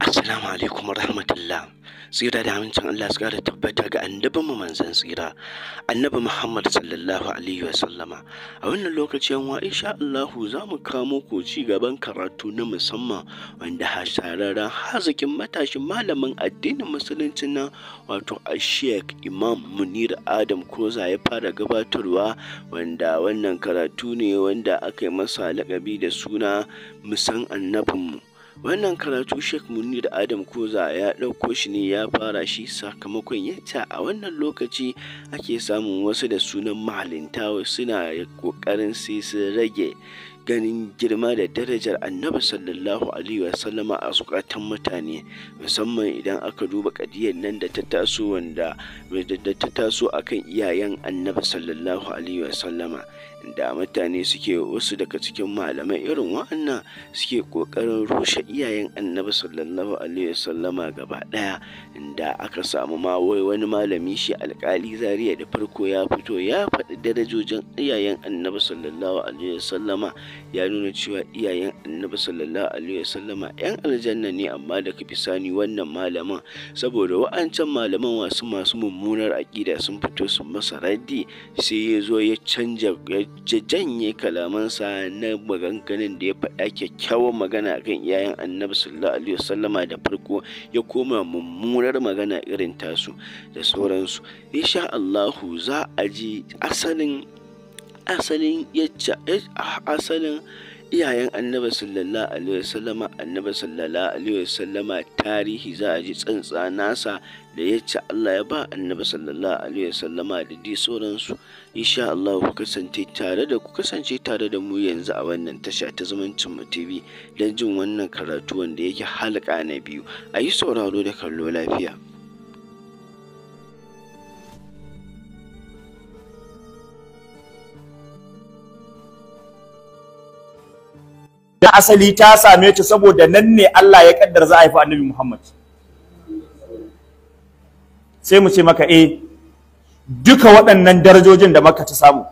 Assalamu alaikum rahmatullah. Tsira da amincin Allah su da tabbata ga annabin mu manzan tsira, annabi Muhammad sallallahu alaihi wa sallama. A wannan lokacin wa insha Allah za mu kamo ku ci gaban karatu na musamman wanda hasararren hazikin matashin malamin addinin musulunci na wato Sheikh Imam Munir Adam Koza ya fara gabatarwa wanda wannan karatu ne wanda aka yi masa lakabi da suna musan mu. Wannan karatu Sheikh Munir Adam Koza ya ɗauko shi ne ya fara shi sakamakon yadda a wannan lokaci ake samun wasu da sunan mahalinta suna ƙoƙarin sai su rage ganin girma da darajar annabi sallallahu alaihi wasallama a zukatan mutane musamman idan aka duba kadiyar nan da ta taso wanda da ta taso akan iyayen annabi sallallahu alaihi wasallama da mutane suke wasu daga cikin malamai irin wa'annan suke ƙoƙarin rushe iyayen annabi sallallahu alaihi wasallama gaba daya da aka samu ma wai wani malami shi alkali zariya da farko ya fito ya faɗi darajojin iyayen annabi sallallahu alaihi wasallama ya nuna cewa iyayen annabi sallallahu alaihi wasallama 'yan aljanna ne amma daga bisani wannan malamin saboda wa'ancan malaman wasu masu mummunar aƙida sun fito su masa raddi sai ya zo ya canja janye kalamansa na maganganun da ya faɗa kyakkyawan magana kan iyayen annabi sallallahu alaihi wasallama da farko ya koma mummunar magana irin tasu da sauransu insha Allahu za a ji asalin asalin eh, asalin iyayen annabi sallallahu alaihi wasallama annabi sallallahu alaihi wasallama tarihi za a ji tsantsa nasa da yacce Allah ya ba annabi sallallahu alaihi wasallama da dai sauransu insha Allah ku kasance tare da ku kasance tare da mu yanzu a wannan tasha ta zumuncin mu TV don jin wannan karatu wanda yake halka na biyu a yi sauraro da kallo lafiya da asali ta same ta saboda nan ne Allah ya kaddar za a haifi annabi Muhammad sai mu ce maka eh duka waɗannan darajojin da maka ta samu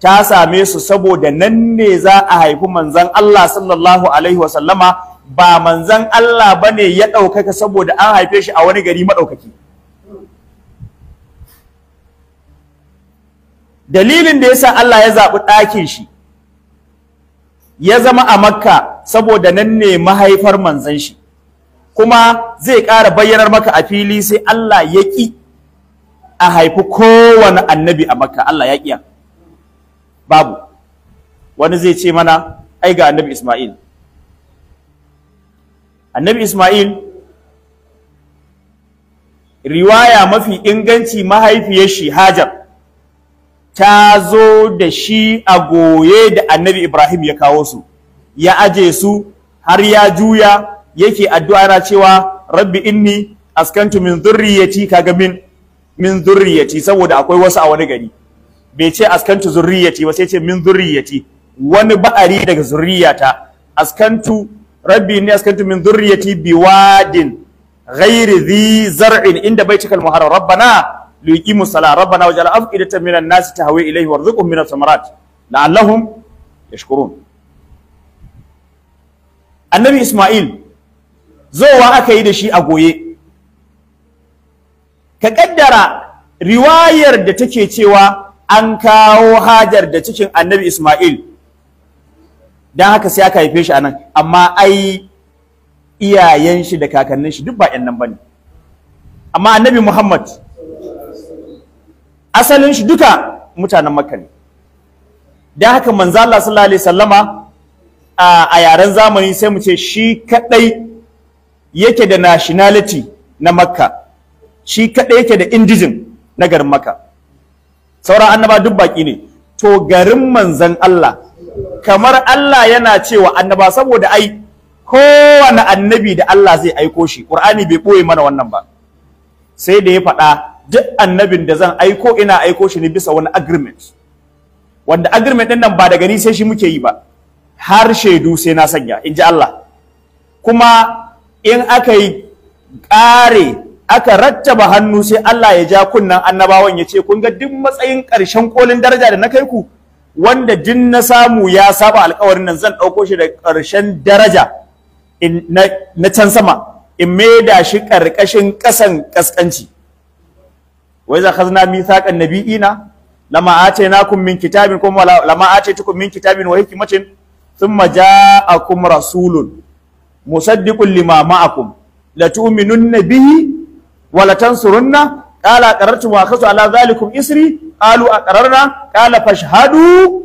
ta same su saboda nan ne za a haifi manzon Allah sallallahu alaihi wa sallama ba manzan Allah bane ya ɗaukaka saboda an haife shi a wani gari maɗaukaki dalilin da yasa Allah ya zaɓi ɗakin shi ya zama a makka saboda nan ne mahaifar manzan shi kuma zai ƙara bayyanar maka a fili sai Allah ya ƙi a haifi kowane annabi a makka Allah ya ƙiya babu wani zai ce mana ai ga annabi Ismail annabi Ismail riwaya mafi inganci mahaifiyar shi Hajar ta zo da shi a goye da annabi Ibrahim ya kawo su ya aje su har ya juya yake addu'a na cewa rabbi inni askantu min zurriyati kaga min min zurriyati saboda akwai wasu a wani gari bai ce askantu zurriyati ba sai ce min zurriyati wani ba'ari daga zurriyata askantu rabbi inni askantu min zurriyati biwadin ghairi dhi zar'in inda baitikal muharram rabbana liqimu salaa rabbana wajala afqidata minan nasi tahwi ilayhi warzuqhum minas samarat la'allahum yashkurun annabi isma'il zowa aka yi da shi a goye ka kaddara riwayar da take cewa an kawo hajar da cikin annabi isma'il dan haka sai aka haife shi anan amma ai iyayen shi da kakannin shi duk ba yan nan bane amma annabi muhammad asalin shi duka mutanen makka ne da haka manzo Allah sallallahu alaihi sallama a yaren zamani sai mu ce shi kadai yake da nationality na makka shi kadai yake da indijin na garin makka sauran annaba duk baki ne to garin manzan Allah kamar Allah yana cewa annaba saboda ai kowane annabi da Allah zai aiko shi Qur'ani bai boye mana wannan ba sai da ya faɗa duk annabin da zan aiko ina aiko shi ne bisa wani agreement wanda agreement din nan ba daga ni sai shi muke yi ba har shaidu sai na sanya in ji Allah kuma in aka yi ƙare aka rattaba hannu sai Allah ya ja kunnan annabawan ya ce kun ga duk matsayin ƙarshen kolin daraja da na kai ku wanda din na samu ya saba alƙawarin nan zan ɗauko shi da ƙarshen daraja na can sama in maida shi ƙarƙashin ƙasan ƙasƙanci wa iza khazna mithaqan nabiyina lama atainakum min kitabin kuma lama ataitukum min kitabin wa hikmatin thumma ja'akum rasulun musaddiqun lima ma'akum la tu'minunna bihi wa la tansurunna قال أقررتم وأخذتم على ذلكم إسري قالوا أقررنا قال فاشهدوا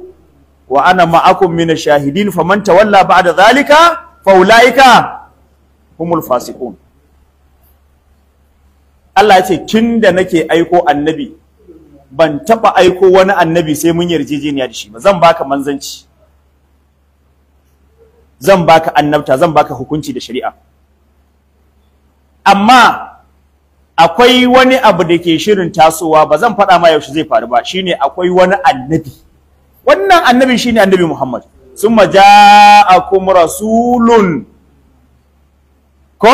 وأنا معكم من الشاهدين فمن تولى بعد ذلك فأولئك هم الفاسقون Allah ya ce tun da nake aiko annabi ban taɓa aiko wani annabi sai mun yarjejeniya da shi ba zan baka manzanci zan baka annabta zan baka hukunci da shari'a amma akwai wani abu da ke shirin tasowa ba zan faɗa ma yaushe zai faru ba shine akwai wani annabi wannan annabi shine annabi Muhammad summa ja'akum rasulun ko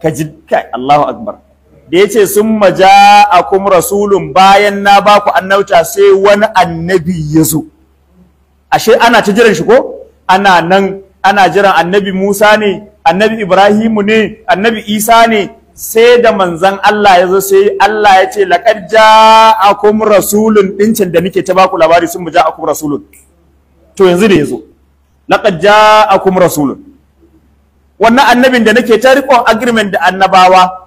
kaji kai Allahu akbar da ya ce sun maja a kuma rasulun bayan na ba ku annauta sai wani annabi ya zo ashe ana ta jiran shi ko ana nan ana jiran annabi musa ne annabi ibrahimu ne annabi isa ne sai da manzan Allah ya zo sai Allah ya ce ja a kuma rasulun ɗincin da nake ta baku labari sun maja kuma rasulun to yanzu da ja a kuma rasulun wannan annabin da nake ta riƙon agreement da annabawa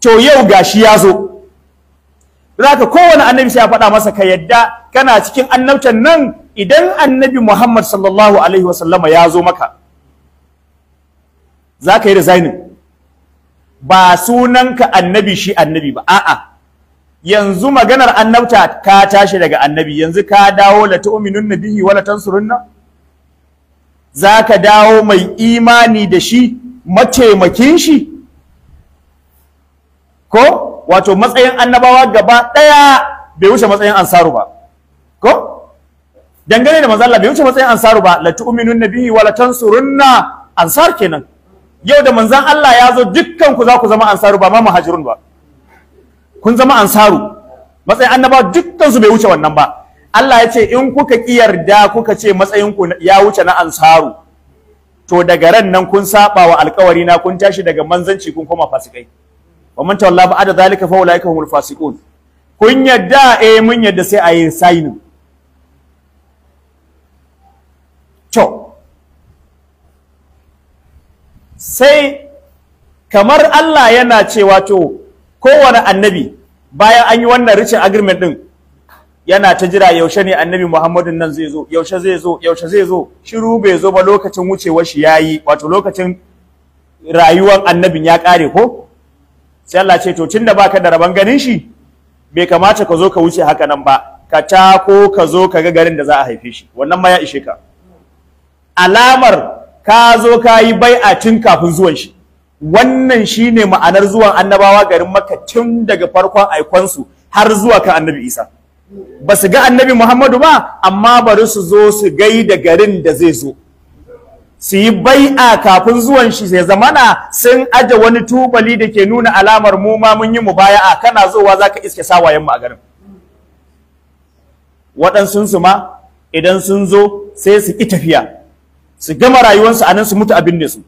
to yau ga shi ya zo zaka kowane annabi sai ya faɗa masa ka yadda kana cikin annabtan nan idan annabi Muhammad sallallahu alaihi wasallama ya zo maka zaka yi resigning ba sunanka annabi shi annabi ba a'a yanzu maganar annabta ka tashi daga annabi yanzu ka dawo la tu'minunna bihi wala tansurunna zaka dawo mai imani da shi mataimakin shi ko wato matsayin annabawa gaba ɗaya bai wuce matsayin ansaru ba ko dangane da manzo Allah bai wuce matsayin ansaru ba la tu'minu nabiyyi wa la tansurunna ansar kenan yau da manzon Allah ya zo dukkan ku za ku zama ansaru ba ma muhajirun ba kun zama ansaru matsayin annabawa dukkan su bai wuce wannan ba Allah ya ce in kuka kiyarda kuka ce matsayin ku ya wuce na ansaru to daga ran nan kun saba wa alƙawari na kun tashi daga manzanci kun koma fasikai wa wallahi ba ba'da zalika fa ulaika humul fasiqun kun yadda eh mun yadda sai ayi. signing to sai kamar Allah yana cewa to kowane annabi bayan an yi wannan rich agreement din yana ta jira yaushe ne annabi Muhammadun nan zai zo yaushe zai zo yaushe zai zo shiru bai zo ba lokacin wucewar shi yayi wato lokacin rayuwar annabin ya kare ko sai Allah ce to tunda baka da rabon ganin shi bai kamata ka zo ka wuce haka nan ba ka ta ko ka zo ka ga garin da za a haife shi wannan ma ya ishe ka alamar ka zo ka yi bai'a tun kafin zuwan shi wannan shine ma'anar zuwan annabawa garin makka tun daga farkon aikonsu har zuwa kan annabi isa ba su ga annabi muhammadu ba amma bari su zo su gaida garin da zai zo su yi bai'a kafin zuwan shi sai zamana sun aje wani tubali da ke nuna alamar mu ma mun yi mu a kana zowa ka iske sawayen mu a garin waɗansun su ma idan sun zo sai su ƙi tafiya su gama rayuwarsu anan su mutu abin ne su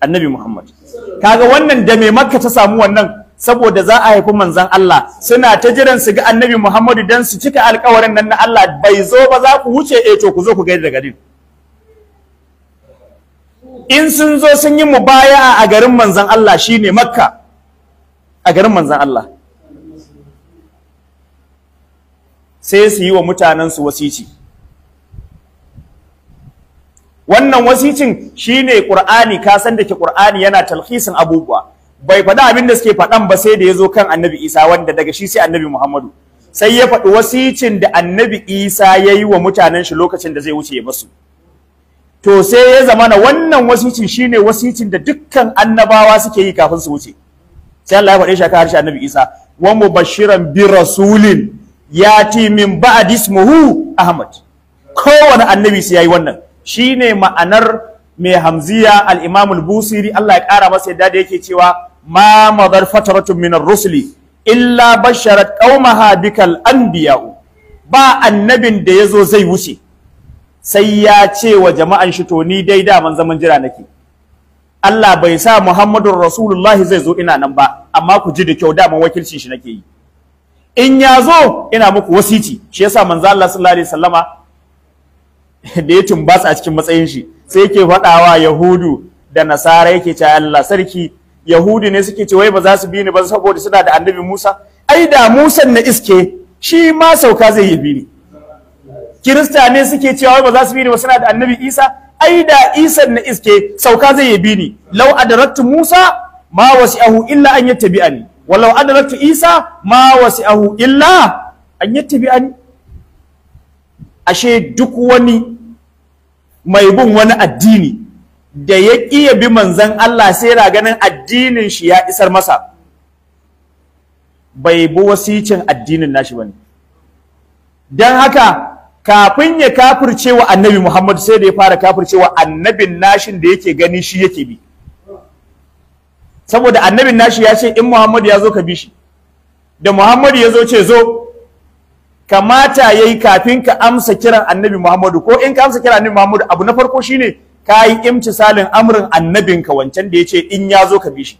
annabi muhammad kaga wannan da mai makka ta samu wannan saboda za a haifi manzan Allah suna ta jiran su ga annabi muhammadu don su cika alkawarin nan na Allah bai zo ba za ku wuce eto eh, to ku zo ku gaida da garin in sun zo sun yi mu baya a garin manzan Allah shi ne makka a garin manzan Allah sai su yi wa mutanensu wasici wannan wasicin shine ƙur'ani, ka kasan da ke ƙur'ani, yana talhisin abubuwa bai faɗi abin da suke faɗan ba sai da ya zo kan annabi isa wanda daga shi sai annabi muhammadu sai ya faɗi wasicin da annabi isa ya yi wa mutanen shi lokacin da zai wuce ya masu to sai ya zama na wannan wasicin shine wasicin da dukkan annabawa suke yi kafin su wuce sai Allah ya faɗe shi ka harshe annabi Isa wa mubashiran bi rasulin yati min ba'd ismuhu Ahmad kowane annabi sai yayi wannan shine ma'anar mai hamziya al-Imam al-Busiri Allah ya kara masa yadda da yake cewa ma madar fataratun ar rusuli illa basharat qaumaha bikal anbiya'u ba annabin da yazo zai wuce sai ya ce wa jama'an shi to ni dai daman zaman jira nake Allah bai sa Muhammadun Rasulullahi zai zo ina nan ba amma ku ji da kyau daman wakilcin shi nake yi in ya zo ina muku wasiti shi yasa manzo Allah sallallahu alaihi wasallama da ya tumbatsa a cikin matsayin shi sai yake faɗawa Yahudu da Nasara yake cewa Allah sarki Yahudu ne suke cewa wai ba za su bi ni ba saboda suna da Annabi Musa ai da Musa na iske shi ma sauka zai yi bi ni kirista ne suke cewa ba za su bi ni ba suna da annabi isa ai da isa na iske sauka zai yi bi ni law adaraktu musa ma wasi'ahu illa an yattabi'ani walau adaraktu isa ma wasi'ahu illa an yattabi'ani ashe duk wani mai bin wani addini da ya ƙi ya bi manzan Allah sai ra ganin addinin shi ya isar masa bai bi wasicin addinin nashi bane dan haka kafin ya kafirce wa annabi Muhammad sai da ya fara kafirce wa annabin nashin da yake gani shi yake bi saboda annabin nashi ya ce in Muhammad ya zo ka bi shi da Muhammad ya zo ce zo kamata yayi kafin ka amsa kiran annabi Muhammadu ko in ka amsa kiran annabi Muhammadu abu na farko shine ka yi imtisalin amrin annabinka wancan da ya ce in ya zo ka bi shi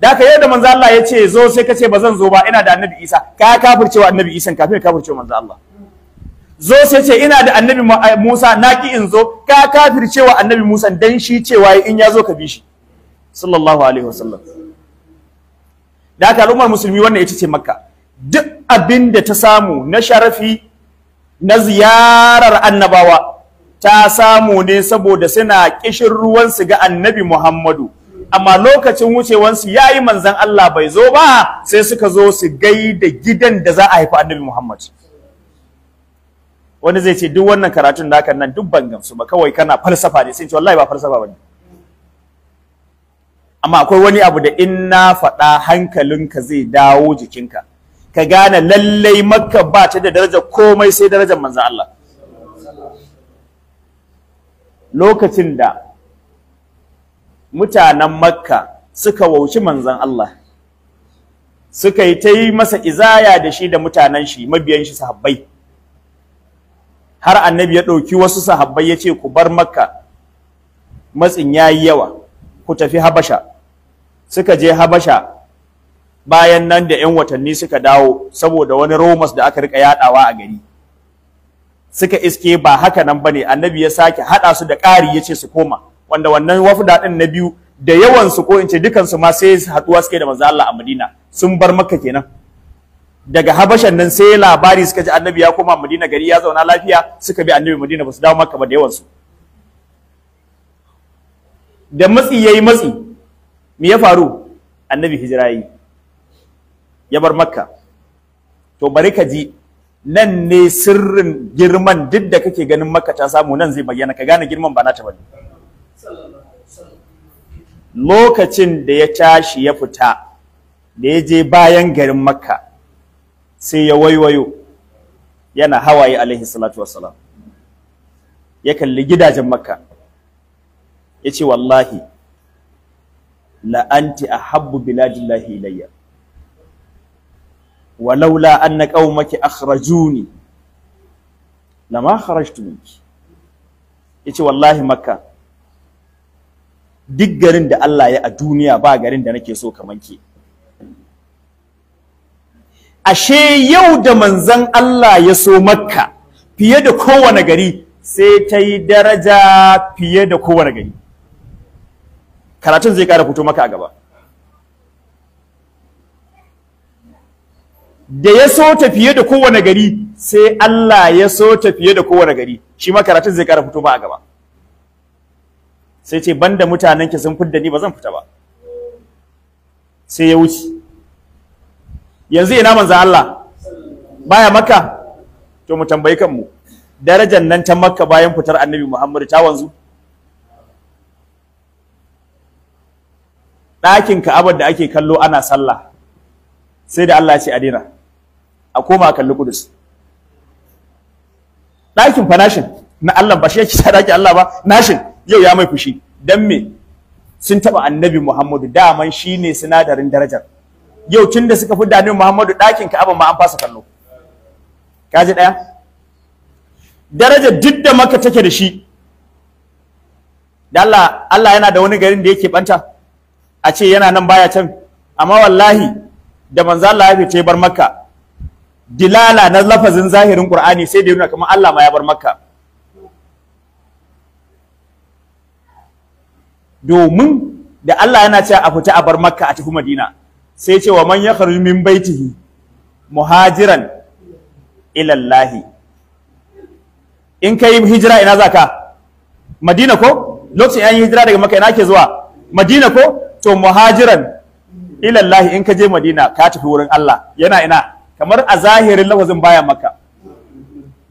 da ka da manzo Allah ya ce zo sai ka ce ba zan zo ba ina da annabi Isa ka kafirce wa annabi Isa kafin ka kafirce manzo Allah zo sai ce ina da annabi eh, Musa naki in zo ka kafircewa annabi Musa dan shi cewa in ya zo ka bi shi sallallahu alaihi wasallam da haka al'ummar musulmi wannan ita ce makka duk abin da ta samu na sharafi na ziyarar annabawa ta samu ne saboda suna kishin ruwan su ga annabi Muhammadu amma lokacin wucewansu ya yi manzan Allah bai zo ba sai suka zo su gaida gidan da za a haifi annabi Muhammad wani zai ce duk wannan karatun da nan duk ban gamsu ba kawai kana falsafa ne sai ce wallahi ba falsafa bane amma akwai wani abu da in na faɗa hankalinka zai dawo jikinka ka gane lallai makka ba ta da daraja komai sai darajar manzon Allah lokacin da mutanen makka suka wauci manzon Allah suka yi ta yi masa izaya da shi da mutanen shi mabiyan shi sahabbai har annabi ya ɗauki wasu sahabbai ya ce ku bar makka matsin ya yi yawa ku tafi habasha suka je habasha bayan nan da 'yan watanni suka dawo saboda wani romas da aka rika yadawa a gari suka iske ba haka nan ne. annabi ya sake Haɗa su da ƙari ya ce su koma wanda wannan wafda din na biyu da yawansu su ko in ce dukansu ma sai haɗuwa suke da manzo Allah a Madina sun bar Makka kenan daga habashan nan sai labari suka ji annabi ya koma madina gari ya zauna lafiya suka bi annabi madina ba su dawo maka ba da yawansu da matsi ya yi matsi me ya faru annabi hijira yi ya bar makka to bari ka ji nan ne sirrin girman duk da kake ganin makka ta samu nan zai bayyana ka gane girman ba na ta bane lokacin da ya tashi ya fita da ya je bayan garin makka sai ya waiwayo yana hawaye alaihi salatu wassalam ya kalli gidajen makka ya ce wallahi la'anti a habbu biladillahi ilayya walaula na qaumaki akhrajuni lama kharajtu minki ce wallahi makka duk garin da Allah ya a duniya ba garin da nake so kamar ke ashe yau da manzan Allah ya so makka fiye da kowane gari sai ta yi daraja fiye da kowane gari karatun zai kara fito maka a gaba da ya so ta fiye da kowane gari sai Allah ya so ta fiye da kowane gari shi ma karatun zai kara fito ba a gaba sai ce banda mutanen ki sun fidda ni ba zan fita ba sai ya wuce yanzu ina manzan Allah baya makka to mu tambayi kanmu darajar nan ta makka bayan fitar annabi muhammadu ta wanzu ɗakin ka'abar da ake kallo ana sallah sai da Allah ce a daina a koma kalli kudus ɗakin nashin na Allah ba shi yake sa ɗakin Allah ba nashin yau ya mai fushi dan me sun taɓa annabi muhammadu daman shine sinadarin darajar yau tun da suka fi da Muhammadu ɗakin Ka'aba ma an fasa kallo kaji ɗaya daraja duk da maka take da shi da Allah yana da wani garin da yake ɓanta, a ce yana nan baya can amma wallahi da manzo Allah ya fice bar makka dilala na lafazin zahirin Qur'ani sai da yana kamar Allah ma ya bar makka domin da Allah yana cewa a fita a bar makka a tafi madina sai ce wa man ya kharju min baitihi muhajiran ilallahi in ka yi hijira ina za ka madina ko lokacin yayin yi hijira daga Makka ina ke zuwa madina ko to muhajiran ilallahi in ka je madina ka tafi wurin Allah yana ina kamar a zahirin lafazin baya Makka.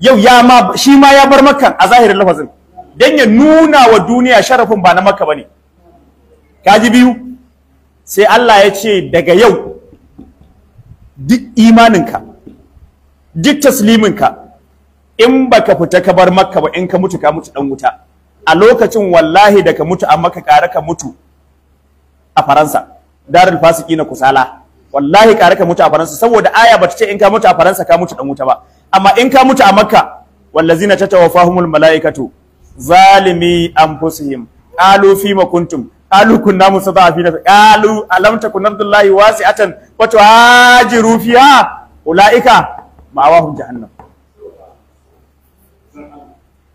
yau ya ma shi ma ya bar Makka a zahirin lafazin dan ya nuna wa duniya sharafin ba na Makka bane kaji biyu sai Allah ya ce daga yau duk imaninka duk tasliminka in baka fita ka bar makka ba in ka mutu ka mutu dan wuta a lokacin wallahi da ka mutu a Makka kare ka mutu a faransa darul fasiki na kusala wallahi kare ka mutu a faransa saboda aya bata ce in ka mutu a faransa ka mutu dan wuta ba amma in ka mutu a makka wallazina tatawafahumul malaikatu zalimi anfusihim qalu fima kuntum qalu kunna mustada'afina qalu alam takun abdullahi wasi'atan wa tuhajiru fiha ulaika ma'awahum jahannam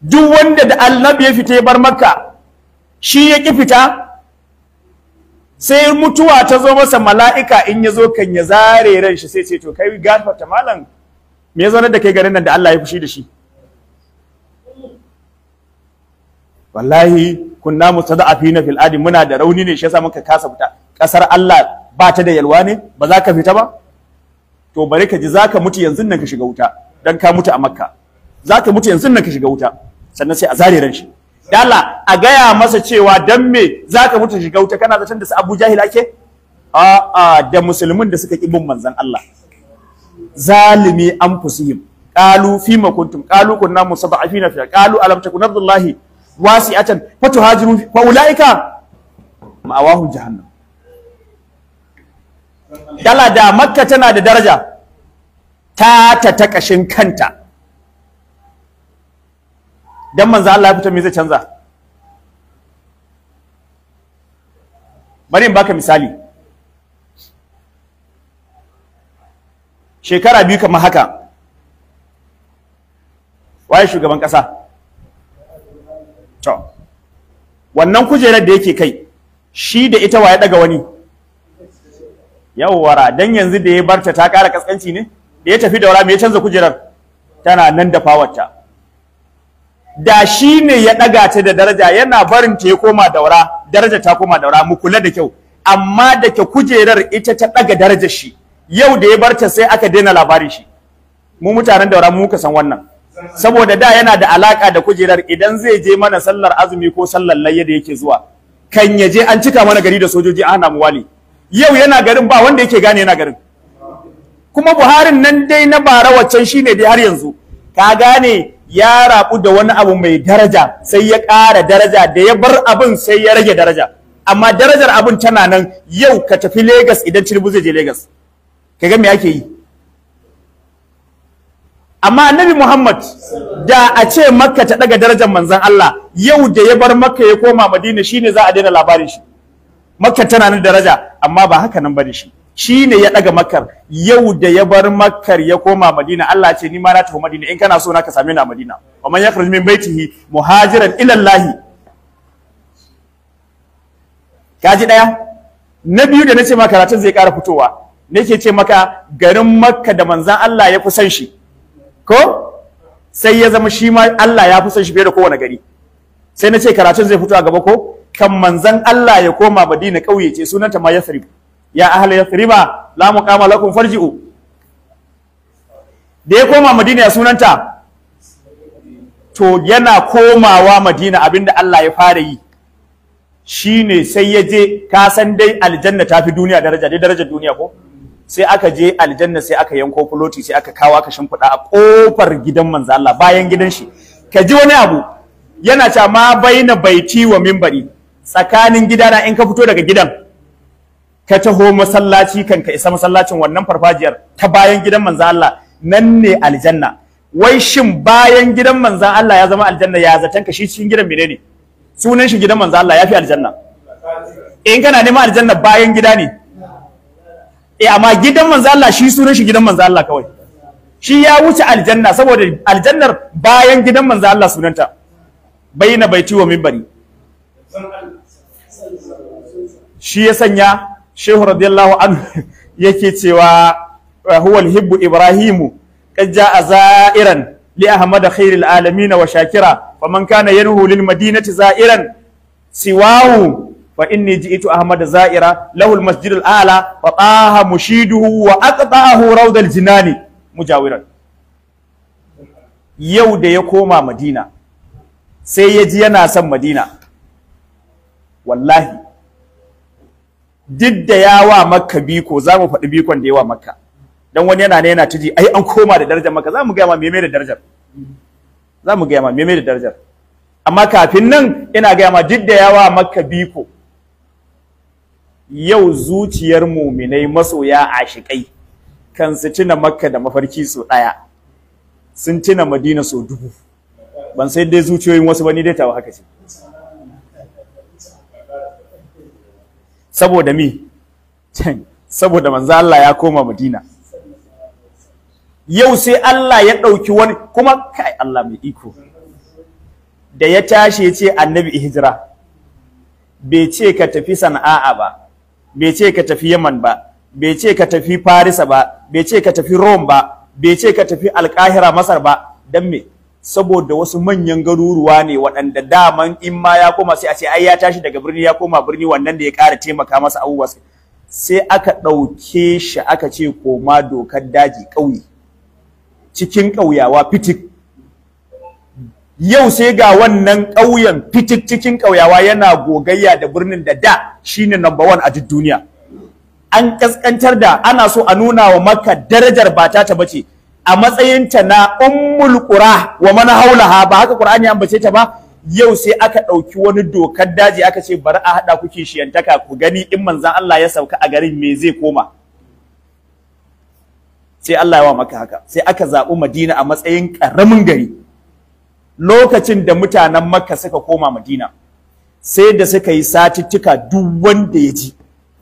duk wanda da annabi ya fita ya bar makka shi ya ki fita sai mutuwa ta zo masa mala'ika in ya zo kan ya zare ran shi sai ce to kai gafarta malam me ya zo da kai garin nan da Allah ya fushi da shi wallahi kunna mustada'afina fil adi muna da rauni ne shi yasa muka kasa fita kasar Allah ba ta da yalwa ne ba za ka fita ba to bari ka ji za ka mutu yanzu nan ka shiga wuta dan ka mutu a makka za ka mutu yanzu nan ka shiga wuta sannan sai a zare ran shi dala a gaya masa cewa dan me za ka mutu shiga wuta kana zaton da su abu jahil ake a a da musulmin da suka ki bin manzon Allah zalimi anfusihim qalu fima kuntum qalu kunna musab'afina fi qalu alam takun abdullahi wasi'atan wa tuhajirun wa ulaika ma'awahum jahannam dala da makka tana da daraja ta ta ta kashin kanta dan manzo Allah ya fito me zai canza bari in baka misali shekara biyu kamar haka waye shugaban kasa to wannan kujerar da yake kai shi da ita wa ya daga wani Yawara, don yanzu da ya barta ta ƙara kaskanci ne da ya tafi daura wara mai canza kujerar tana nan da fawarta da shi ne ya ɗaga ta da daraja yana barin ta ya koma daura daraja ta koma daura mu kula da kyau amma da ke kujerar ita ta ɗaga darajar shi yau da ya barta sai aka daina labarin shi mu mutanen daura mu muka san wannan saboda da yana da alaka da kujerar idan zai je mana sallar azumi ko sallar layya da yake zuwa kan ya je an cika mana gari da sojoji ana mu wali yau yana garin ba wanda yake gane yana garin kuma buharin nan dai na bara waccan shine dai har yanzu ka gane ya rabu da wani abu mai daraja sai ya ƙara daraja da ya bar abin sai ya rage daraja amma darajar abin tana nan yau ka tafi Legas idan Tinubu zai je Legas kaga me ake yi amma annabi Muhammad da a ce Makka ta daga darajar manzan Allah yau da ya bar Makka ya koma Madina shine za a daina labarin shi Makka tana nan daraja amma ba haka nan bane shi shine ya daga Makkar yau da ya bar Makkar ya koma Madina Allah ce ni ma na tafi Madina in kana so na ka same ni a Madina wa man yakhruj min baitihi muhajiran ila Allah kaji daya na biyu da nace maka karatun zai kara fitowa nake ce maka garin Makka da manzan Allah ya kusan shi ko sai ya zama shi ma Allah ya fi son shi fiye da kowane gari sai na ce karatun zai fito a gaba ko kan manzan Allah ya koma Madina kauye ce sunanta ma Yathrib ya ahli Yathriba la muqama lakum farji'u da ya koma Madina ya sunanta to yana komawa Madina abinda Allah ya fara yi shine sai ya je ka san dai aljanna ta fi duniya daraja dai darajar duniya ko sai aka je aljanna sai aka yanko fuloti sai aka kawo aka shimfiɗa a ƙofar gidan manzo Allah bayan gidan shi ka ji wani abu yana cewa ma baina baiti wa minbari tsakanin gidana in ka fito daga gidan ka taho masallaci kan ka isa masallacin wannan farfajiyar ta bayan gidan manzo Allah nan ne aljanna wai shin bayan gidan manzo Allah ya zama aljanna ya zatan ka shi cikin gidan menene sunan shi gidan manzo Allah ya fi aljanna in kana neman aljanna bayan gida ne eh amma gidan manzo Allah shi sunan shi gidan manzo Allah kawai shi ya wuce aljanna saboda aljannar bayan gidan manzo Allah sunanta bayna baiti wa minbari shi ya sanya shehu radiyallahu anhu yake cewa huwal hibbu ibrahimu qad jaa za'iran li ahmad khairil alamin wa shakira faman kana yanhu lil madinati za'iran siwahu fa inni ji'tu ahmad za'ira lahu al-masjid al-ala wa taha mushiduhu wa aqta'ahu rawd al-jinani mujawiran yau da ya koma madina sai ya ji yana son madina wallahi duk da wa makka biko za mu faɗi bikon da ya wa makka don wani yana ne yana tiji ai an koma da darajar makka za mu gaya ma meme da darajar za mu gaya ma meme da darajar amma kafin nan ina gaya ma duk da wa makka biko yau zuciyar muminai masoya ashikai kan su tuna makka da mafarki su ɗaya sun tuna madina su dubu ban sai dai zuciyoyin wasu ba ni dai tawa haka ce saboda mi saboda manzo Allah ya koma madina yau sai Allah ya ɗauki wani kuma kai Allah mai iko da ya tashi ya ce annabi hijira bai ce ka tafi sana'a ba bai ce ka tafi Yaman ba bai ce ka tafi Farisa ba bai ce ka tafi Rome ba bai ce ka tafi Alkahira Masar ba don me saboda wasu manyan garuruwa ne waɗanda daman in ma ya koma sai a ce ai ya tashi daga birni ya koma birni wannan da ya ƙara taimaka masa abubuwa sai aka ɗauke shi aka ce koma dokar daji ƙauye cikin ƙauyawa fitik yau sai ga wannan ƙauyen fitik cikin ƙauyawa yana gogayya da birnin da da shine number one a duk duniya an ƙasƙantar da ana so a nuna wa maka darajar ba ta ta bace a matsayinta na ummul qura wa man haulaha ba haka qur'ani an bace ta ba yau sai aka ɗauki wani dokar daji aka ce bari a haɗa kuke shiyantaka ku gani in manzan Allah ya sauka a garin me zai koma sai Allah ya wa maka haka sai aka zaɓi Madina a matsayin ƙaramin gari lokacin da mutanen makka suka koma madina sai da suka yi satittuka duk wanda ya ji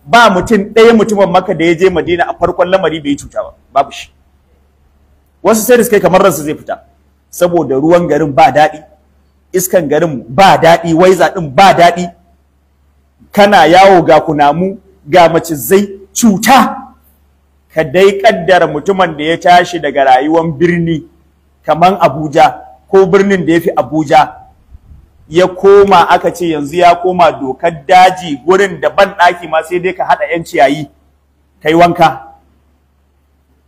ba mutum ɗaya mutumin Makka da ya je madina a farkon lamari bai cuta ba babu shi wasu sai da suka yi kamar ransu zai fita saboda ruwan garin ba daɗi iskan garin ba daɗi wai zaɗin ba daɗi kana yawo ga kunamu ga macizai cuta ka dai ƙaddara mutumin da ya tashi daga rayuwar birni kamar abuja ko birnin da ya fi Abuja ya koma aka ce yanzu ya koma dokar daji gurin da ban ɗaki ma sai dai ka haɗa 'yan ciyayi ka wanka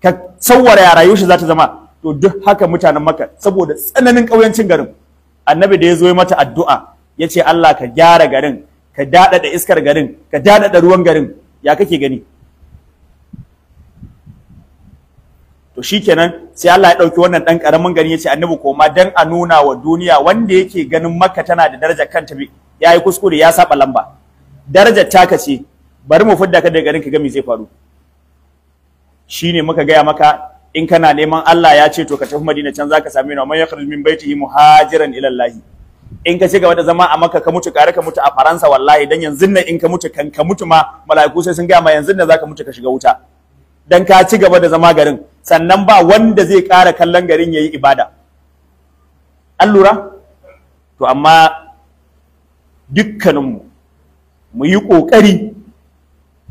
ka tsawara yara yaushe za ta zama to duk haka mutanen maka saboda tsananin ƙauyancin garin annabi da ya zo mata addu'a ya ce Allah ka gyara garin ka daɗaɗa iskar garin ka daɗaɗa ruwan garin ya kake gani to kenan, sai Allah ya dauki wannan dan karamin gari yace annabi ma dan a nuna wa duniya wanda yake ganin makka tana da daraja kanta yayi kuskure ya saba lamba Daraja taka ce bari mu fudda ka daga garin ka ga me zai faru shine muka gaya maka in kana neman Allah ya ce to ka tafi Madina can zaka same ni ya kharij min baitihi muhajiran ila Allah in ka cigaba da zama a Makka ka mutu kare ka mutu a Faransa wallahi dan yanzu nan in ka mutu kan ka mutu ma mala'iku sai sun ga ma yanzu nan zaka mutu ka shiga wuta dan ka ci gaba da zama garin sannan ba wanda zai ƙara kallon garin ya yi ibada an lura to amma dukkaninmu mu yi ƙoƙari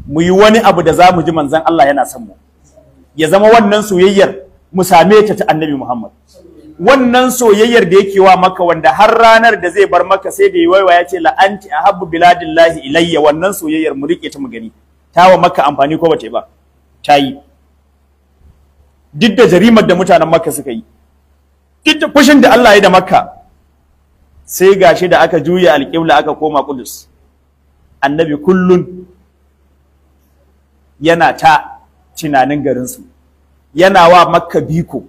mu yi wani abu da za mu ji manzan Allah yana son mu ya zama wannan soyayyar mu same ta ta annabi Muhammad wannan soyayyar da yake wa maka wanda har ranar da zai bar maka sai da yiwaiwa ya ce la'anti a habbu biladillahi ilayya wannan soyayyar mu rike ta mu gani ta wa maka amfani ko ba ta yi ba ta yi duk da jarimar da mutanen makka suka yi duk da fushin da Allah ya da makka sai gashi da aka juya alƙibla aka koma kudus annabi kullun yana ta tunanin garinsu yana wa makka biko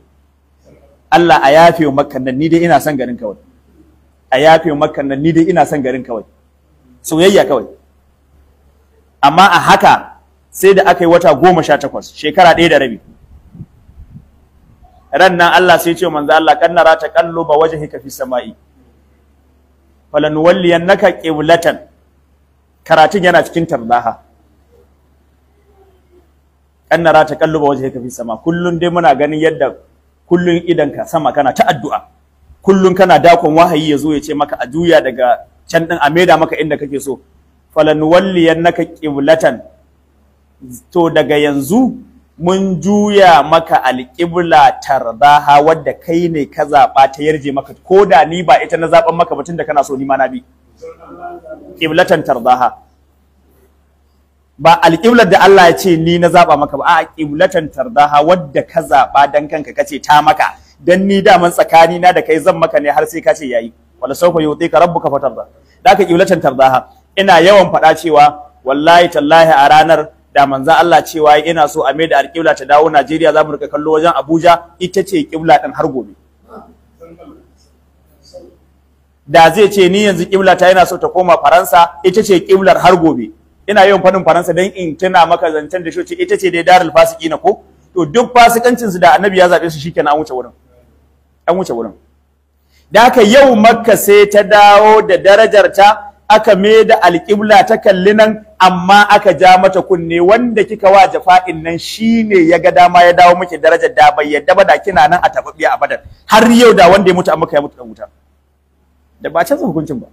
Allah a yafe wa Makka nan ni dai ina son garin kawai a yafe wa Makka nan ni dai ina son garin kawai soyayya kawai amma a haka sai da aka yi wata goma sha takwas shekara ɗaya da rabi ran Allah sai ce manzo Allah kan nara ta kalluba wajhika fi sama'i falanuwalliyannaka qiblatan karatun yana cikin tarbaha kan nara ta kalluba wajhika fi sama kullun dai muna ganin yadda kullun idanka sama kana ta addu'a kullun kana dakon wahayi ya zo ya ce maka a juya daga can din a maida maka inda kake so falanuwalliyannaka qiblatan to daga yanzu mun juya maka alƙibla tardaha wadda kai ne ka zaɓa ta yarje maka ko da ni ba ita na zaɓan maka ba da kana so ni ma na bi ƙiblatan tardaha ba alƙiblar da Allah ya ce ni na zaɓa maka ba a ƙiblatan tardaha wadda ka zaɓa dan kanka kace ta maka dan ni daman tsakani na da kai zan maka ne har sai ka ce yayi wala sawfa ka rabbuka fatarda da ka ƙiblatan tardaha ina yawan faɗa cewa wallahi tallahi a ranar da manzan Allah cewa ina so a maida alƙibla ta dawo Najeriya za mu rika kallo wajen Abuja ita ce ƙibla ɗin har gobe. Da zai ce ni yanzu ƙibla ta yana so ta koma Faransa ita ce ƙiblar har gobe. Ina yawan faɗin Faransa don in tuna maka zancen da shoci ita ce dai darul fasiki na ko? To duk fasikancinsu da annabi ya zaɓe su shikenan an wuce wurin. An wuce wurin. Da haka yau Makka sai ta dawo da darajarta aka maida alƙibla ta kalli nan amma aka ja mata kunne wanda kika wa jafa'in nan shine ya ga dama ya dawo miki darajar da bai yadda ba da kina nan a tababbiya abadan har yau da wanda ya mutu amma ya mutu da wuta da ba canza hukuncin ba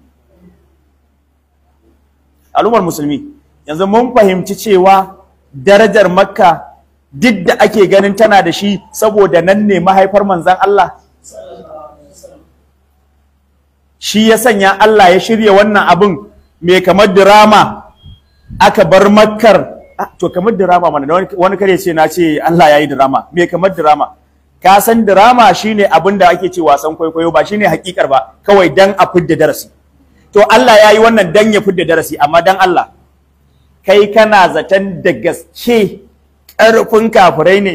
al'ummar musulmi yanzu mun fahimci cewa darajar makka duk da ake ganin tana da shi saboda nan ne mahaifar manzan Allah shi ya sanya Allah ya shirya wannan abin mai kamar drama? aka bar makar. Ah, to kamar drama mana wani kare ce na ce Allah ya yi drama. me kamar drama? ka san drama shine abin da ake ce wasan kwaikwayo ba shine hakikar ba kawai dan a fidda darasi to Allah ya yi wannan dan ya fidda darasi amma dan Allah kai kana zaton da gaske ƙarfin kafirai ne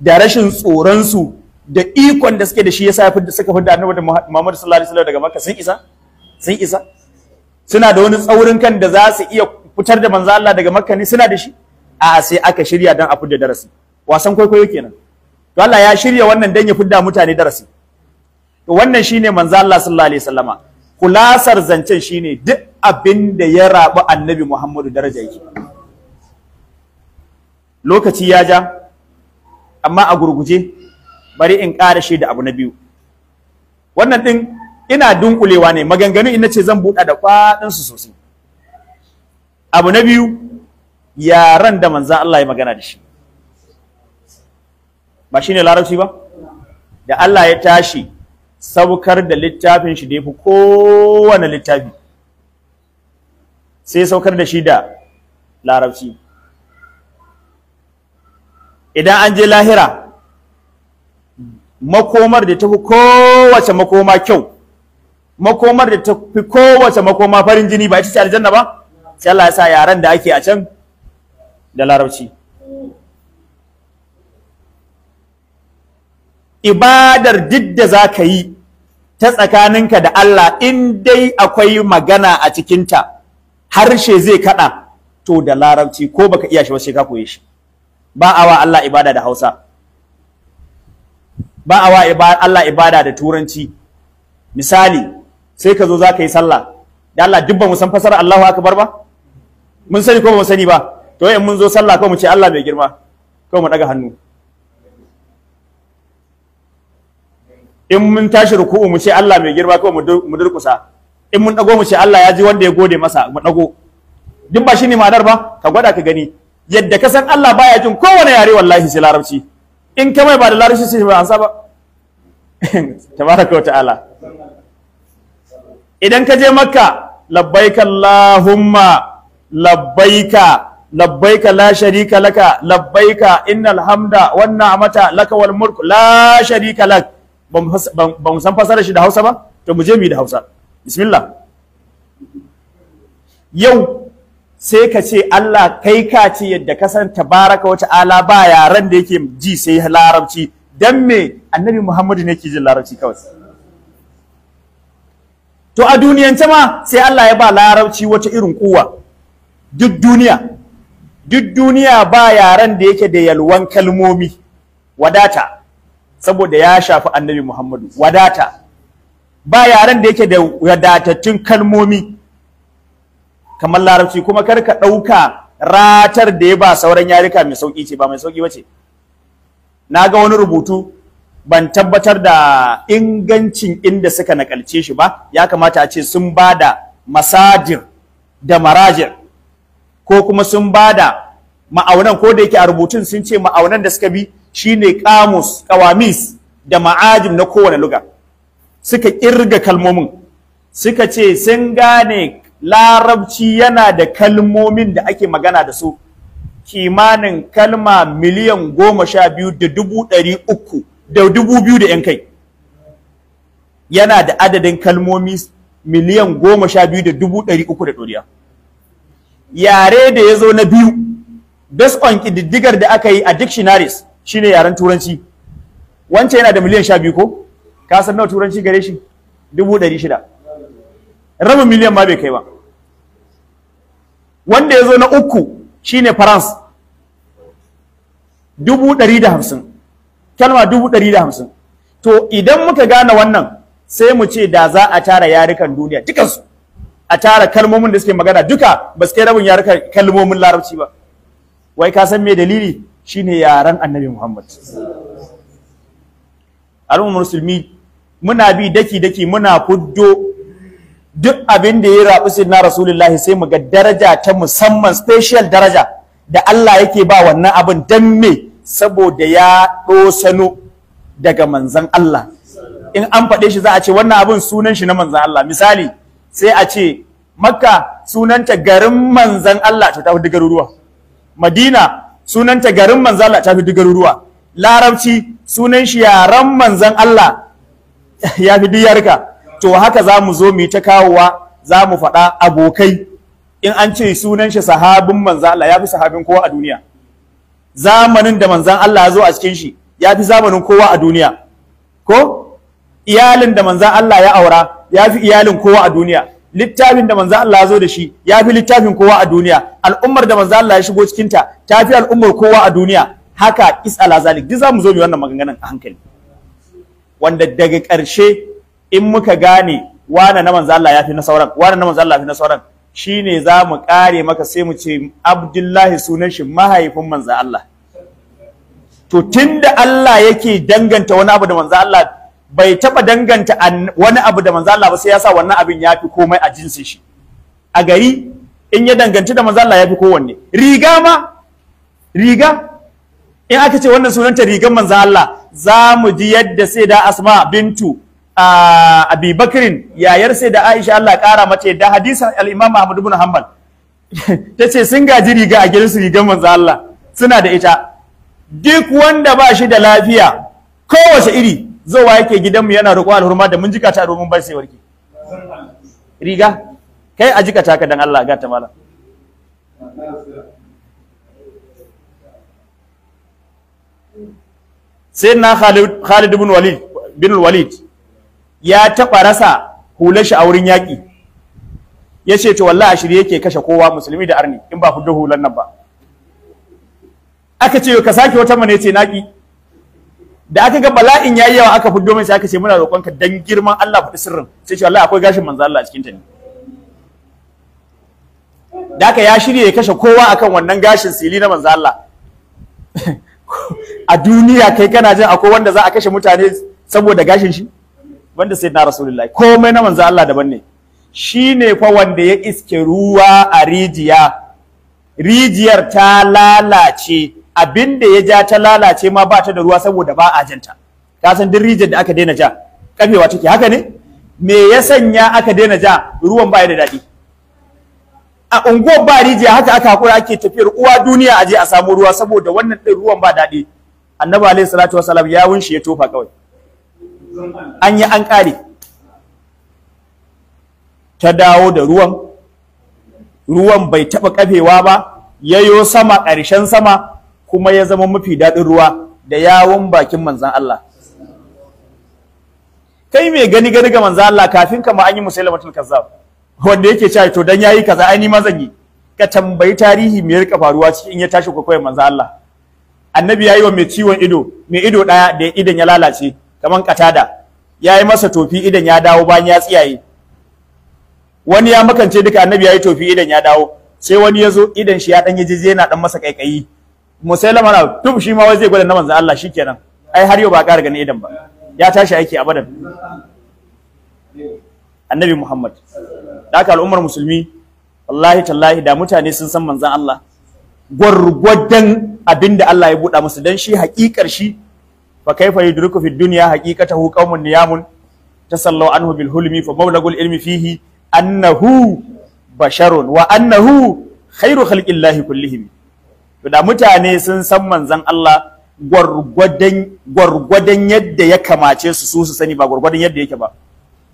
da rashin tsoronsu da ikon da suke da shi yasa suka fidda, da annabi da Muhammad sallallahu alaihi wasallam daga Makka sun isa sun isa suna da wani tsaurin kan da za su iya fitar da manzo Allah daga Makka suna da shi a'a sai aka shirya dan a fidda darasi wasan kwaikwayo kenan to Allah ya shirya wannan dan ya fidda mutane darasi to wannan shine manzo Allah sallallahu alaihi wasallama kulasar zancen shine duk abin da ya rabu annabi Muhammadu daraja yake lokaci ya ja amma a gurguje bari in ƙara shi da abu na biyu wannan din ina dunkulewa ne maganganun ina ce zan buɗa da kwaɗinsu sosai abu na biyu yaran da manzan Allah ya magana da shi ba shi ne larabci ba da Allah ya tashi saukar da littafin shi da ya fi kowane littafi sai saukar da shi da larabci idan an je lahira makomar da ta fi kowace makoma kyau makomar da ta fi kowace makoma farin jini ba ita ce aljanna ba sai Allah ya sa yaren da ake a can da larabci ibadar duk da za ka yi ta tsakaninka da Allah in dai akwai magana a cikinta harshe zai kaɗa to da larabci ko baka iya shi ba sai ka koye shi ba a wa Allah ibada da Hausa ba a wa Allah ibada da Turanci misali sai ka zo za ka yi sallah da Allah dubban musan san fasara Allahu akbar ba mun sani ko ba mu sani ba to in mun zo sallah ko mu ce Allah mai girma ko mu daga hannu in mun tashi ruku'u mu ce Allah mai girma ko mu durkusa in mun dago mu ce Allah ya ji wanda ya gode masa mu dago duk ba shine ma'anar ba ka gwada ka gani yadda ka san Allah baya jin kowane yare wallahi sai larabci in ka mai ba da larabci sai ba an saba tabaraka wa ta'ala idan ka je makka labbaik allahumma labbaika labbaika la sharika laka labbaika innal hamda wan ni'mata laka wal mulk la sharika lak ba mu san fasara shi da Hausa ba to mu je mu da Hausa bismillah yau sai ka ce Allah kai ka ce yadda ka san tabaraka wa ta'ala ba yaran da yake ji sai larabci dan me annabi Muhammadu ne ke jin larabci kawai to a duniyance ma sai Allah ya ba larabci wata irin kuwa duk duniya duk duniya ba yaren da yake da yalwan kalmomi wadata saboda ya shafi annabi Muhammadu wadata ba yaren da yake da wadatattun kalmomi kamar larabci kuma kar ka ɗauka ratar da ya ba sauran yarika mai sauƙi ce ba mai sauƙi bace na ga wani rubutu ban tabbatar da ingancin inda suka nakalce shi ba ya kamata a ce sun ba da masajir da marajir ko kuma sun bada ma'aunan ko da yake a rubutun sun ce ma'aunan da suka bi shine kamus kawamis da ma'ajim na kowane luga suka kirga kalmomin suka ce sun gane larabci yana da kalmomin da ake magana da su kimanin kalma miliyan goma sha biyu da dubu ɗari uku da dubu biyu da ‘yan kai yana da adadin kalmomi miliyan goma sha biyu da dubu ɗari uku da ɗoriya. yare da ya zo na biyu based on ƙididdigar da aka yi a dictionaries shine yaren turanci Wancan yana da miliyan sha biyu ko ka san nawa turanci gare shi dubu ɗari shida rabin miliyan ma bai kai ba wanda ya zo na uku shine france dubu ɗari da hamsin kalma dubu ɗari da hamsin to idan muka gane wannan sai mu ce da za a tara yarukan duniya dukansu a tara kalmomin da suke magana duka ba su kai rabin yarukan kalmomin larabci ba wai ka san me dalili shine yaran annabi Muhammad al'ummar musulmi muna bi daki daki muna kuddo duk abin da ya rabu na rasulullahi sai mu ga daraja ta musamman special daraja da Allah yake ba wannan abin dan me saboda ya dosano daga manzan Allah in an faɗe shi za a ce wannan abin sunan shi na manzon Allah misali sai a ce makka sunanta garin manzan Allah ta fi garuruwa madina sunanta garin manzan Allah ta fi garuruwa larabci sunan shi yaran manzan Allah ya fi diyarka to haka za mu zo mu yi ta kawowa za mu faɗa abokai in an ce sunan shi sahabin manzan Allah ya fi sahabin kowa a duniya zamanin da manzan Allah ya zo a cikin shi ya fi zamanin kowa a duniya ko iyalin da manzan Allah ya aura ya fi iyalin kowa a duniya littafin da manzo Allah ya zo da shi ya fi littafin kowa a duniya al'ummar da manzo Allah ya shigo cikin ta ta fi al'ummar kowa a duniya haka ala zalik duk zamu zo mu wannan maganganun a hankali wanda daga ƙarshe in muka gane wane na manzo Allah ya fi na sauran wane na manzo Allah ya fi na sauran shine za mu kare maka sai mu ce Abdullahi sunan shi mahaifin manzo Allah to tunda Allah yake danganta wani abu da manzo Allah bai taba danganta wani abu da Manzala ba sai ya sa wannan abin ya fi komai a jinsin shi a gari in ya danganci da Manzala Allah ya fi kowanne riga ma riga in aka ce wannan sunanta rigar manzo Allah za mu ji yadda sai da Asma bintu Abi Bakrin yayar sai da Aisha Allah kara mace da hadisin al-Imam Ahmad ibn Hanbal ce sun gaji riga a gidansu rigar manzo Allah suna da ita duk wanda ba shi da lafiya kowace iri zowa yake gidanmu yana roƙo alhurma da mun jikata domin bai sai warke riga kai a jikata ka dan Allah ga ta mala sai na Khalid bin Walid bin Walid ya taɓa rasa hular shi a wurin yaki, ya ce to wallahi shirye yake kashe kowa musulmi da arni in ba fuddo hular nan ba aka ce ka sake wata mana ce naƙi da aka ga bala'in yayi yawa aka fito min sai aka ce muna roƙon ka dan girman Allah faɗi sirrin sai ce Allah akwai gashin manzo Allah a cikin ta ne da aka ya shirye ya kashe kowa akan wannan gashin sili na manzo Allah a duniya kai kana jin akwai wanda za a kashe mutane saboda gashin shi wanda sai na rasulullahi komai na manzo Allah daban ne shine fa wanda ya iske ruwa a rijiya rijiyar ta lalace abinda ya ja ta lalace ma ba ta da ruwa saboda ba a janta ka san duk rijiyar da aka daina ja kafewa take haka ne me ya sanya aka daina ja ruwan ba ya da daɗi a unguwar ba rijiya haka aka hakura ake tafiyar uwa duniya aje a samu ruwa saboda wannan din ruwan ba daɗi annabi alaihi salatu wasalam ya wunshi ya tofa kawai an yi an kare ta dawo da ruwan ruwan bai taɓa kafewa ba yayo sama ƙarshen sama kuma ya zama mafi daɗin ruwa da yawon bakin manzan Allah kai mai gani gani ga manzan Allah kafin kama an yi musailamatul kazzab wanda yake cewa to dan yayi kaza ai ni ma yi ka tambayi tarihi me ya faruwa cikin ya tashi kwaikwayon manzan Allah annabi yayi wa mai ciwon ido mai ido daya da idan ya lalace kaman katada yayi masa tofi idan ya dawo bayan ya tsiyaye wani ya makance duka annabi yi tofi idan ya dawo sai wani ya zo idan shi ya dan jijiyar yana dan masa kaikayi musailama na tub shi ma wai zai gwada na manzan Allah kenan, ai har yau ba ƙara gani idan ba ya tashi aiki a annabi Muhammad da haka al'ummar musulmi wallahi tallahi da mutane sun san manzan Allah gwargwadon abinda Allah ya buɗa musu dan shi haƙiƙar shi fa kaifa yudriku fid dunya haqiqatahu qaumun niyamun tasallaw anhu bil hulmi fa mawlagul ilmi fihi annahu basharun wa annahu khairu khalqillahi kullihim to da mutane sun san manzon Allah gwargwadon yadda ya kamace su su su sani ba gwargwadon yadda yake ba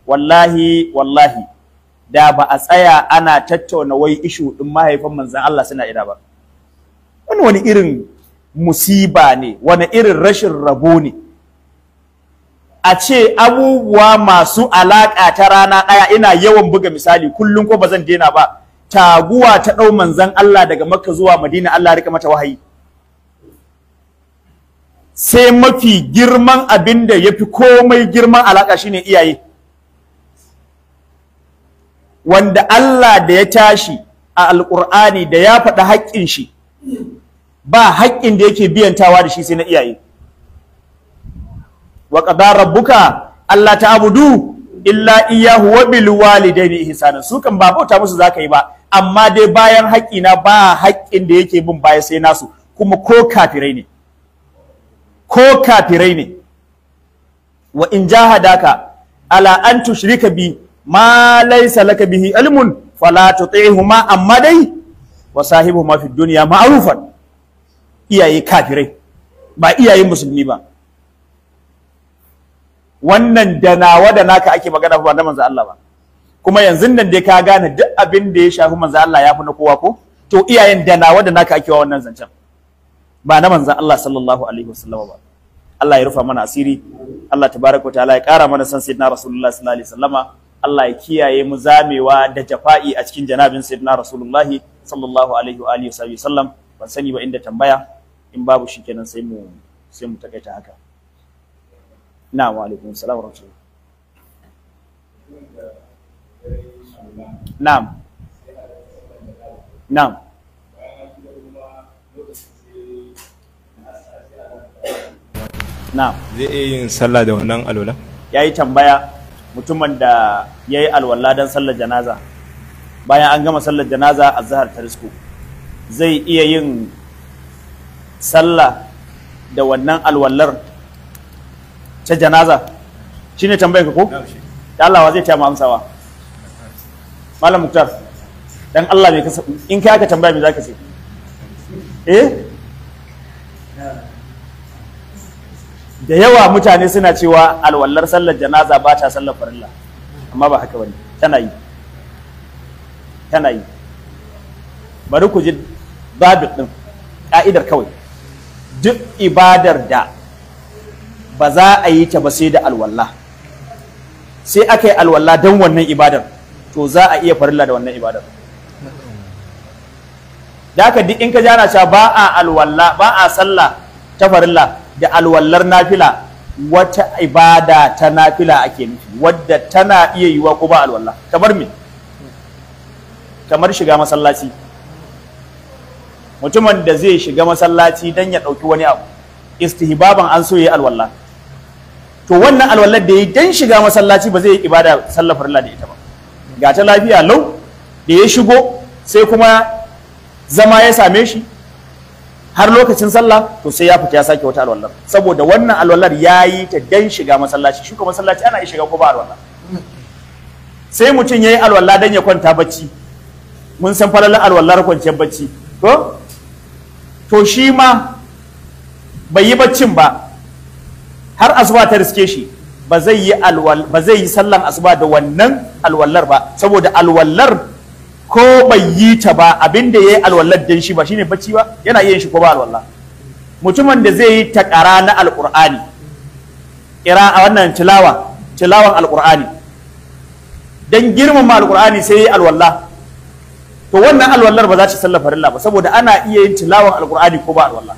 wallahi wallahi da ba a tsaya ana tattauna wai ishu din mahaifan manzon Allah suna ina ba wani wani irin musiba ne wani irin rashin rabo ne a ce abubuwa masu alaƙa ta rana ɗaya ina yawan buga misali kullum ko ba zan daina ba taguwa ta ɗau manzan Allah daga Makka zuwa Madina Allah rika mata wahayi sai mafi girman abin da ya fi komai girman alaƙa shine iyaye wanda Allah da ya tashi a alƙur'ani da ya faɗi haƙƙin shi ba haƙƙin da yake biyantawa da shi sai na iyaye wa qadara rabbuka ta abudu illa iyahu wa bil walidaini ihsana su kan ba bauta musu zaka yi ba amma dai bayan haƙƙi na ba haƙin da yake bin baya sai nasu kuma ko kafirai ne ko kafirai ne wa in jahadaka ala an tushrika bi ma laysa laka bihi ilmun fala tuti'huma amma dai wa sahibuhuma mafi duniya ma'rufan iyaye kafirai ba iyaye musulmi ba wannan da nawa da naka ake magana ba na manzo Allah ba kuma yanzu nan dai ka gane duk abin da ya shafi manzo Allah ya fi na kowa ko to iyayen da nawa da naka ake wa wannan zancen ba na manzo Allah sallallahu alaihi wasallam ba Allah ya rufa mana asiri Allah tabaraka ta'ala ya kara mana san sayyidina rasulullah sallallahu alaihi wasallama Allah ya kiyaye mu zamewa da jafa'i a cikin janabin sayyidina rasulullah sallallahu alaihi wa alihi wasallam ban sani ba inda tambaya in babu shikenan sai mu sai mu takaita haka na wa alaikum salam wa zai iya yin sallah da wannan alwala yayi tambaya mutumin da yayi alwala don sallar janaza bayan an gama sallar janaza a Zahar risku zai iya yin sallah da wannan alwallar ta janaza shine tambayar ka ko da Allah wa zai ta amsawa malam muktar dan Allah mai kasa in kai aka tambaya za ka ce eh da yawa mutane suna cewa alwallar sallar janaza ba ta sallar farilla amma ba haka bane tana yi tana yi bari ku ji babu din ka'idar kawai duk ibadar da ba za a yi ta ba sai da alwalla sai aka yi alwalla don wannan ibadar to za a iya farilla da wannan ibadar da aka duk in ka jana cewa ba a alwalla ba a sallah ta farilla da alwallar nafila wata ibada ta nafila ake nufi wadda tana iya yiwa ko ba alwalla kamar me kamar shiga masallaci mutumin da zai shiga masallaci don ya ɗauki wani abu istihbaban an so ya alwallah to wannan alwallar da ya dan shiga masallaci ba zai yi ibada sallafar Allah da ita ba ga ta lafiya lau da ya shigo sai kuma zama ya same shi har lokacin sallah to sai ya fita ya sake wata alwallar saboda wannan alwallar ya yi ta dan shiga masallaci shi masallaci ana iya shiga ko ba alwallar sai mutum ya yi alwalla dan ya kwanta bacci mun san falalar alwallar kwanciyar bacci to shi ma bai yi baccin ba har asuba ta riske shi ba zai yi alwal ba zai yi sallan asuba da wannan alwallar ba saboda alwallar ko bai yi ta ba abinda yayi alwallar don shi ba shine bacci ba yana yin shi ko ba alwallar? mutumin da zai yi takara na alqur'ani kira a wannan tilawa tilawan alqur'ani dan girmama alqur'ani sai yi alwallah to wannan alwallar ba za ta sallafa rilla ba saboda ana iya yin tilawan alqur'ani ko ba alwallah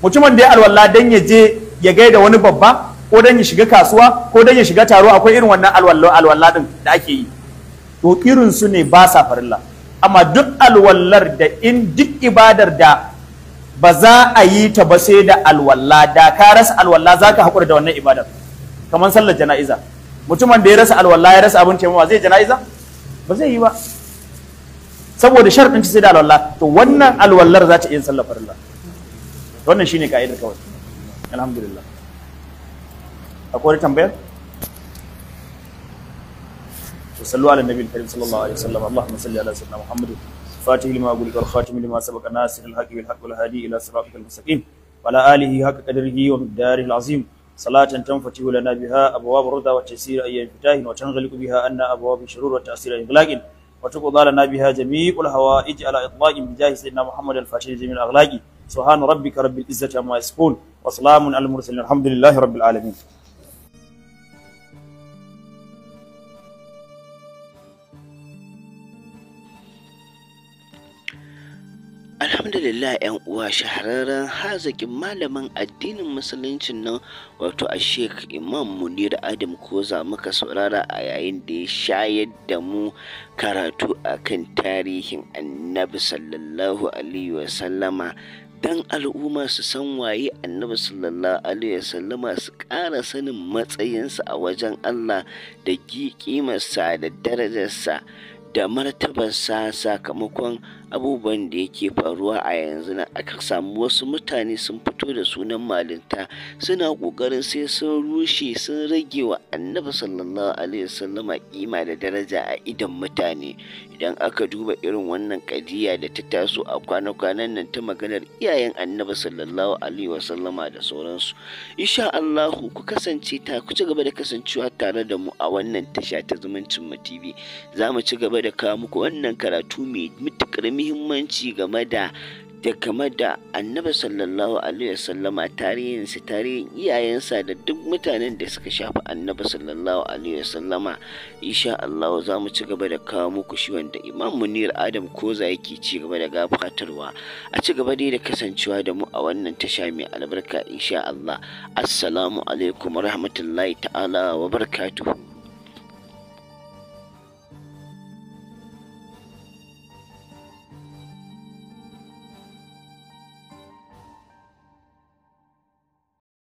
mutumin da ya alwallah dan ya je ya gaida wani babba ko dan ya shiga kasuwa ko dan ya shiga taro akwai irin wannan alwallo alwalla din da ake yi to irin su ne ba sa farilla amma duk alwallar da in duk ibadar da ba za a yi ta ba sai da alwalla da ka rasa alwalla za ka haƙura da wannan ibadar kamar sallar jana'iza mutumin da ya rasa alwalla ya rasa abin taimawa zai jana'iza ba zai yi ba saboda sharɗin ci sai da alwalla to wannan alwallar za ta iya sallar farilla wannan shine ka'idar kawai alhamdulillah akwai tambayar sallu ala nabi karim sallallahu alaihi wasallam allahumma salli ala sayyidina muhammad fatih lima gulika wal khatim lima sabaqa nasir al haqi bil haqq wal hadi ila siratil mustaqim wa ala alihi haqqa qadrihi wa miqdarihi al azim salatan tanfatihu lana biha abwab rida wa tasir ayyan fitahin wa tanghaliqu biha anna abwab shurur wa ta'sir iglaqin وتقضى لنا بها جميع الهوائج على إطلاق بجاه سيدنا محمد الفاتح جميع الأغلاقي سبحان ربك رب العزة عما يصفون وسلام على المرسلين الحمد لله رب العالمين alhamdulillah yan uwa shahararren hazikin malamin addinin musuluncin nan wato a Sheikh imam munir adam za muka saurara a yayin da ya shayar da mu karatu akan tarihin annabi sallallahu alaihi wasallama dan al'umma su san waye annabi sallallahu alaihi wasallama su ƙara sanin matsayinsa a wajen Allah da ƙimarsa da darajarsa da martabarsa sakamakon abubuwan da yake faruwa a yanzu na aka samu wasu mutane sun fito da sunan malinta suna ƙoƙarin sai sun rushe sun rage wa annabi sallallahu alaihi wasallama kima da daraja a idan mutane idan aka duba irin wannan kadiya da ta taso a kwana-kwanan nan ta maganar iyayen annabi sallallahu alaihi wasallama da sauransu insha Allah ku kasance ta ku ci gaba da kasancewa tare da mu a wannan tasha ta zumuncin mu TV za mu ci gaba da kawo muku wannan karatu mai mutukar muhimmanci game da da game da annabi sallallahu alaihi wasallama tarihinsa tarihin iyayensa da duk mutanen da suka shafi annabi sallallahu alaihi wasallama insha Allah za mu ci gaba da kawo muku shi wanda imam munir adam za yake ci gaba da gafatarwa a ci gaba dai da kasancewa da mu a wannan tasha mai albarka insha Allah assalamu alaikum rahmatullahi ta'ala wa barakatuhu